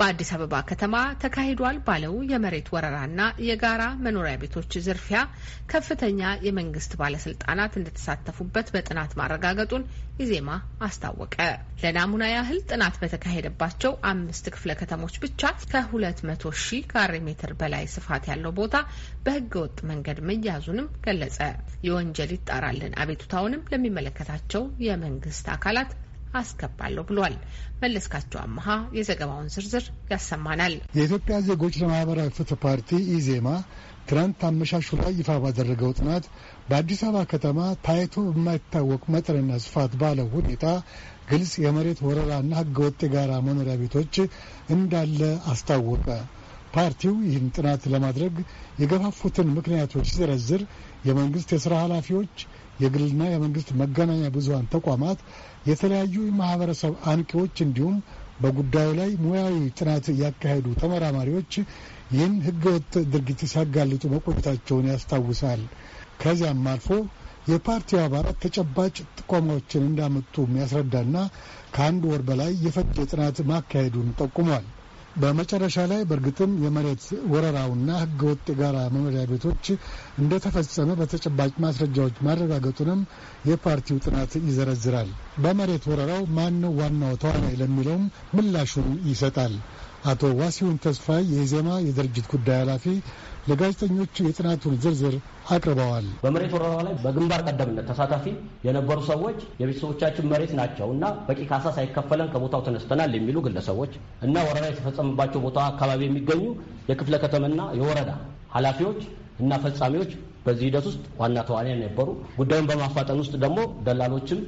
በአዲስ አበባ ከተማ ተካሂዷል ባለው የመሬት ወረራና የጋራ መኖሪያ ቤቶች ዝርፊያ ከፍተኛ የመንግስት ባለስልጣናት እንደተሳተፉበት በጥናት ማረጋገጡን ኢዜማ አስታወቀ። ለናሙና ያህል ጥናት በተካሄደባቸው አምስት ክፍለ ከተሞች ብቻ ከ200 ሺህ ካሬ ሜትር በላይ ስፋት ያለው ቦታ በህገወጥ መንገድ መያዙንም ገለጸ። የወንጀል ይጣራልን አቤቱታውንም ለሚመለከታቸው የመንግስት አካላት አስገባለሁ ብሏል። መለስካቸው አመሃ የዘገባውን ዝርዝር ያሰማናል። የኢትዮጵያ ዜጎች ለማህበራዊ ፍትህ ፓርቲ ኢዜማ ትናንት አመሻሹ ላይ ይፋ ባደረገው ጥናት በአዲስ አበባ ከተማ ታይቶ በማይታወቅ መጠንና ስፋት ባለው ሁኔታ ግልጽ የመሬት ወረራና ህገወጥ የጋራ መኖሪያ ቤቶች እንዳለ አስታወቀ። ፓርቲው ይህን ጥናት ለማድረግ የገፋፉትን ምክንያቶች ሲዘረዝር የመንግስት የሥራ ኃላፊዎች የግልና የመንግስት መገናኛ ብዙሀን ተቋማት የተለያዩ የማህበረሰብ አንቂዎች እንዲሁም በጉዳዩ ላይ ሙያዊ ጥናት ያካሄዱ ተመራማሪዎች ይህን ህገወጥ ድርጊት ሲያጋልጡ መቆየታቸውን ያስታውሳል። ከዚያም አልፎ የፓርቲው አባላት ተጨባጭ ጥቆማዎችን እንዳመጡ የሚያስረዳና ከአንድ ወር በላይ የፈጀ ጥናት ማካሄዱን ጠቁሟል። በመጨረሻ ላይ በእርግጥም የመሬት ወረራውና ህገወጥ የጋራ መኖሪያ ቤቶች እንደተፈጸመ በተጨባጭ ማስረጃዎች ማረጋገጡንም የፓርቲው ጥናት ይዘረዝራል። በመሬት ወረራው ማን ነው ዋናው ተዋናይ ለሚለውም ምላሹን ይሰጣል። አቶ ዋሲሁን ተስፋይ የኢዜማ የድርጅት ጉዳይ ኃላፊ ለጋዜጠኞቹ የጥናቱን ዝርዝር አቅርበዋል። በመሬት ወረራ ላይ በግንባር ቀደምነት ተሳታፊ የነበሩ ሰዎች የቤተሰቦቻችን መሬት ናቸው እና በቂ ካሳ ሳይከፈለን ከቦታው ተነስተናል የሚሉ ግለሰቦች እና ወረራ የተፈጸመባቸው ቦታ አካባቢ የሚገኙ የክፍለ ከተማና የወረዳ ኃላፊዎች እና ፈጻሚዎች በዚህ ሂደት ውስጥ ዋና ተዋንያን ነበሩ። ጉዳዩን በማፋጠን ውስጥ ደግሞ ደላሎችም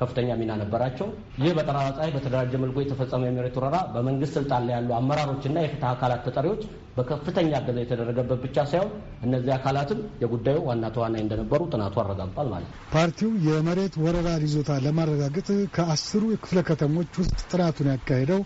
ከፍተኛ ሚና ነበራቸው። ይህ በጠራራ ፀሐይ በተደራጀ መልኩ የተፈጸመ የመሬት ወረራ በመንግስት ስልጣን ላይ ያሉ አመራሮችና የፍትህ አካላት ተጠሪዎች በከፍተኛ እገዛ የተደረገበት ብቻ ሳይሆን እነዚህ አካላትም የጉዳዩ ዋና ተዋናይ እንደነበሩ ጥናቱ አረጋግጧል ማለት ነው። ፓርቲው የመሬት ወረራ ይዞታ ለማረጋገጥ ከአስሩ የክፍለ ከተሞች ውስጥ ጥናቱን ያካሄደው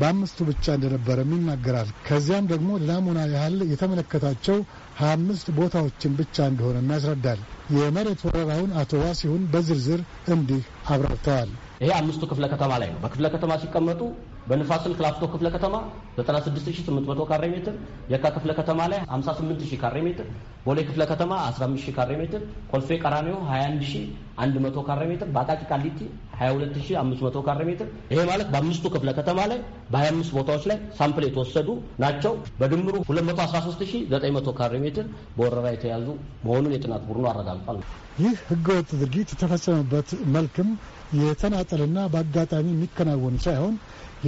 በአምስቱ ብቻ እንደነበረም ይናገራል። ከዚያም ደግሞ ለናሙና ያህል የተመለከታቸው ሀያ አምስት ቦታዎችን ብቻ እንደሆነም ያስረዳል። የመሬት ወረራውን አቶ ዋሲሁን በዝርዝር እንዲህ አብራርተዋል። ይሄ አምስቱ ክፍለ ከተማ ላይ ነው። በክፍለ ከተማ ሲቀመጡ በንፋስ ስልክ ላፍቶ ክፍለ ከተማ 96800 ካሬ ሜትር፣ የካ ክፍለ ከተማ ላይ 58000 ካሬ ሜትር፣ ቦሌ ክፍለ ከተማ 15000 ካሬ ሜትር፣ ኮልፌ ቀራኒዮ 21000 100 ካሬ ሜትር በአቃቂ ቃሊቲ 22500 ካሬ ሜትር። ይሄ ማለት በአምስቱ ክፍለ ከተማ ላይ በ25 ቦታዎች ላይ ሳምፕል የተወሰዱ ናቸው። በድምሩ 213900 ካሬ ሜትር በወረራ የተያዙ መሆኑን የጥናት ቡድኑ አረጋግጧል። ይህ ህገወጥ ድርጊት የተፈጸመበት መልክም የተናጠልና በአጋጣሚ የሚከናወን ሳይሆን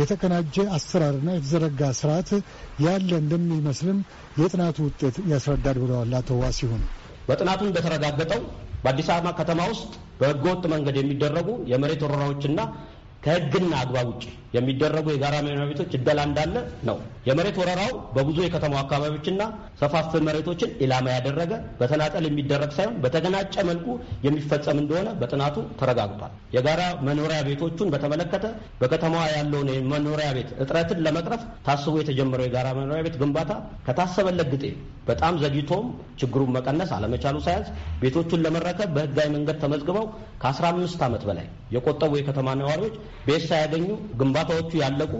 የተቀናጀ አሰራርና የተዘረጋ ስርዓት ያለ እንደሚመስልም የጥናቱ ውጤት ያስረዳል ብለዋል አቶ ዋሲሁን። በጥናቱ እንደተረጋገጠው በአዲስ አበባ ከተማ ውስጥ በህገወጥ መንገድ የሚደረጉ የመሬት ወረራዎችና ከህግና አግባብ ውጭ የሚደረጉ የጋራ መኖሪያ ቤቶች እደላ እንዳለ ነው። የመሬት ወረራው በብዙ የከተማው አካባቢዎችና ሰፋፍ መሬቶችን ኢላማ ያደረገ በተናጠል የሚደረግ ሳይሆን በተገናጨ መልኩ የሚፈጸም እንደሆነ በጥናቱ ተረጋግጧል። የጋራ መኖሪያ ቤቶቹን በተመለከተ በከተማዋ ያለውን የመኖሪያ ቤት እጥረትን ለመቅረፍ ታስቦ የተጀመረው የጋራ መኖሪያ ቤት ግንባታ ከታሰበለት ግጤ በጣም ዘግይቶም ችግሩን መቀነስ አለመቻሉ ሳያንስ ቤቶቹን ለመረከብ በህጋዊ መንገድ ተመዝግበው ከ15 ዓመት በላይ የቆጠቡ የከተማ ነዋሪዎች ቤት ሳያገኙ ግንባ ግንባታዎቹ ያለቁ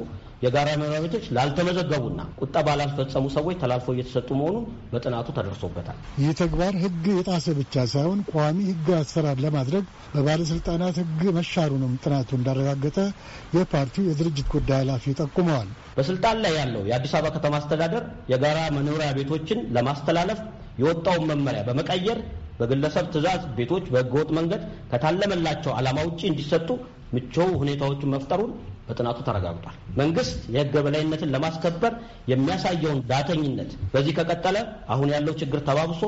የጋራ መኖሪያ ቤቶች ላልተመዘገቡና ቁጠባ ላልፈጸሙ ሰዎች ተላልፎ እየተሰጡ መሆኑን በጥናቱ ተደርሶበታል። ይህ ተግባር ሕግ የጣሰ ብቻ ሳይሆን ቋሚ ሕግ አሰራር ለማድረግ በባለስልጣናት ሕግ መሻሩንም ጥናቱ እንዳረጋገጠ የፓርቲው የድርጅት ጉዳይ ኃላፊ ጠቁመዋል። በስልጣን ላይ ያለው የአዲስ አበባ ከተማ አስተዳደር የጋራ መኖሪያ ቤቶችን ለማስተላለፍ የወጣውን መመሪያ በመቀየር በግለሰብ ትዕዛዝ ቤቶች በህገወጥ መንገድ ከታለመላቸው ዓላማ ውጪ እንዲሰጡ ምቹ ሁኔታዎችን መፍጠሩን በጥናቱ ተረጋግጧል። መንግስት የህግ በላይነትን ለማስከበር የሚያሳየውን ዳተኝነት በዚህ ከቀጠለ አሁን ያለው ችግር ተባብሶ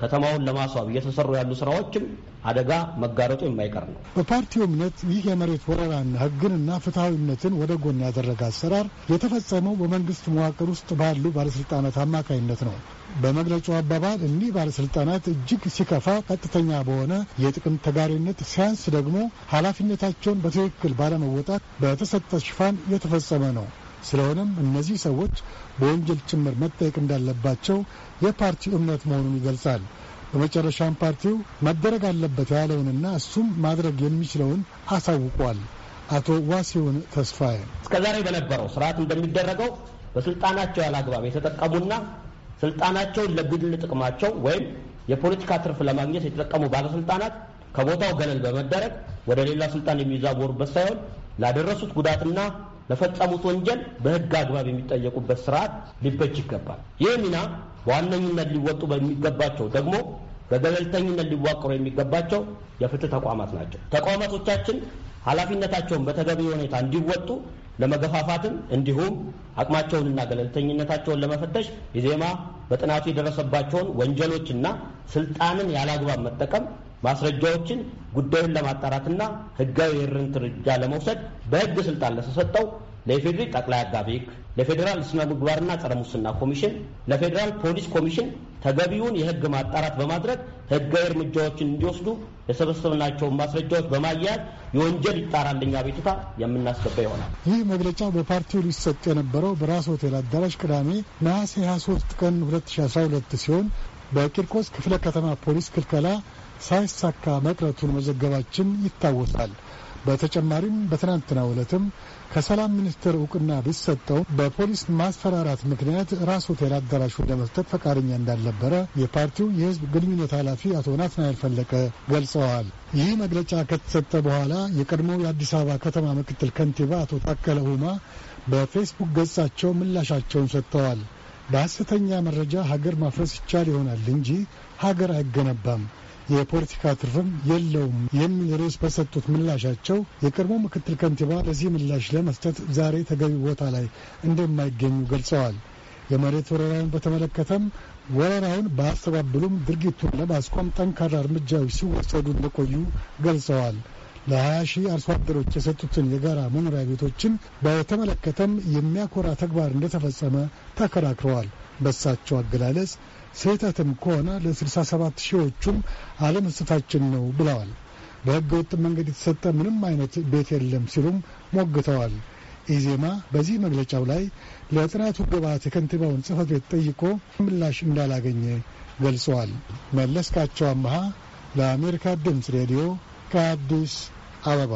ከተማውን ለማስዋብ እየተሰሩ ያሉ ስራዎችም አደጋ መጋረጡ የማይቀር ነው። በፓርቲው እምነት ይህ የመሬት ወረራና ሕግንና ፍትሐዊነትን ወደ ጎን ያደረገ አሰራር የተፈጸመው በመንግስት መዋቅር ውስጥ ባሉ ባለስልጣናት አማካኝነት ነው። በመግለጫው አባባል እኒህ ባለስልጣናት እጅግ ሲከፋ ቀጥተኛ በሆነ የጥቅም ተጋሪነት፣ ሲያንስ ደግሞ ኃላፊነታቸውን በትክክል ባለመወጣት በተሰጠ ሽፋን የተፈጸመ ነው። ስለሆነም እነዚህ ሰዎች በወንጀል ጭምር መጠየቅ እንዳለባቸው የፓርቲው እምነት መሆኑን ይገልጻል። በመጨረሻም ፓርቲው መደረግ አለበት ያለውንና እሱም ማድረግ የሚችለውን አሳውቋል። አቶ ዋሲሁን ተስፋዬ እስከዛሬ በነበረው ስርዓት እንደሚደረገው በስልጣናቸው ያላግባብ የተጠቀሙና ስልጣናቸውን ለግል ጥቅማቸው ወይም የፖለቲካ ትርፍ ለማግኘት የተጠቀሙ ባለስልጣናት ከቦታው ገለል በመደረግ ወደ ሌላ ስልጣን የሚዛወሩበት ሳይሆን ላደረሱት ጉዳትና ለፈጸሙት ወንጀል በህግ አግባብ የሚጠየቁበት ስርዓት ሊበጅ ይገባል። ይህ ሚና በዋነኝነት ሊወጡ በሚገባቸው ደግሞ በገለልተኝነት ሊዋቅሩ የሚገባቸው የፍትህ ተቋማት ናቸው። ተቋማቶቻችን ኃላፊነታቸውን በተገቢ ሁኔታ እንዲወጡ ለመገፋፋትም እንዲሁም አቅማቸውንና ገለልተኝነታቸውን ለመፈተሽ ኢዜማ በጥናቱ የደረሰባቸውን ወንጀሎችና ስልጣንን ያላግባብ መጠቀም ማስረጃዎችን ጉዳዩን ለማጣራትና ህጋዊ የእርምት እርምጃ ለመውሰድ በህግ ስልጣን ለተሰጠው ለኢፌዴሪ ጠቅላይ አጋቢ ህግ፣ ለፌዴራል ስነ ምግባርና ጸረ ሙስና ኮሚሽን፣ ለፌዴራል ፖሊስ ኮሚሽን ተገቢውን የህግ ማጣራት በማድረግ ህጋዊ እርምጃዎችን እንዲወስዱ የሰበሰብናቸውን ማስረጃዎች በማያያዝ የወንጀል ይጣራልኝ አቤቱታ የምናስገባ ይሆናል። ይህ መግለጫ በፓርቲው ሊሰጥ የነበረው በራስ ሆቴል አዳራሽ ቅዳሜ ነሐሴ 23 ቀን 2012 ሲሆን በቂርቆስ ክፍለ ከተማ ፖሊስ ክልከላ ሳይሳካ መቅረቱን መዘገባችን ይታወሳል። በተጨማሪም በትናንትናው ዕለትም ከሰላም ሚኒስቴር እውቅና ቢሰጠው በፖሊስ ማስፈራራት ምክንያት ራስ ሆቴል አዳራሹን ለመስጠት ፈቃደኛ እንዳልነበረ የፓርቲው የሕዝብ ግንኙነት ኃላፊ አቶ ናትናኤል ፈለቀ ገልጸዋል። ይህ መግለጫ ከተሰጠ በኋላ የቀድሞው የአዲስ አበባ ከተማ ምክትል ከንቲባ አቶ ታከለ ሁማ በፌስቡክ ገጻቸው ምላሻቸውን ሰጥተዋል። በሐሰተኛ መረጃ ሀገር ማፍረስ ይቻል ይሆናል እንጂ ሀገር አይገነባም። የፖለቲካ ትርፍም የለውም የሚል ርዕስ በሰጡት ምላሻቸው የቀድሞ ምክትል ከንቲባ ለዚህ ምላሽ ለመስጠት ዛሬ ተገቢ ቦታ ላይ እንደማይገኙ ገልጸዋል። የመሬት ወረራውን በተመለከተም ወረራውን ባያስተባብሉም ድርጊቱን ለማስቆም ጠንካራ እርምጃዎች ሲወሰዱ እንደቆዩ ገልጸዋል። ለሀያ ሺህ አርሶ አደሮች የሰጡትን የጋራ መኖሪያ ቤቶችን በተመለከተም የሚያኮራ ተግባር እንደተፈጸመ ተከራክረዋል። በሳቸው አገላለጽ ስህተትም ከሆነ ለ67 ሺዎቹም አለመስጠታችን ነው ብለዋል። በህገ ወጥ መንገድ የተሰጠ ምንም አይነት ቤት የለም ሲሉም ሞግተዋል። ኢዜማ በዚህ መግለጫው ላይ ለጥናቱ ግብዓት የከንቲባውን ጽህፈት ቤት ጠይቆ ምላሽ እንዳላገኘ ገልጸዋል። መለስካቸው አመሃ ለአሜሪካ ድምፅ ሬዲዮ ከአዲስ አበባ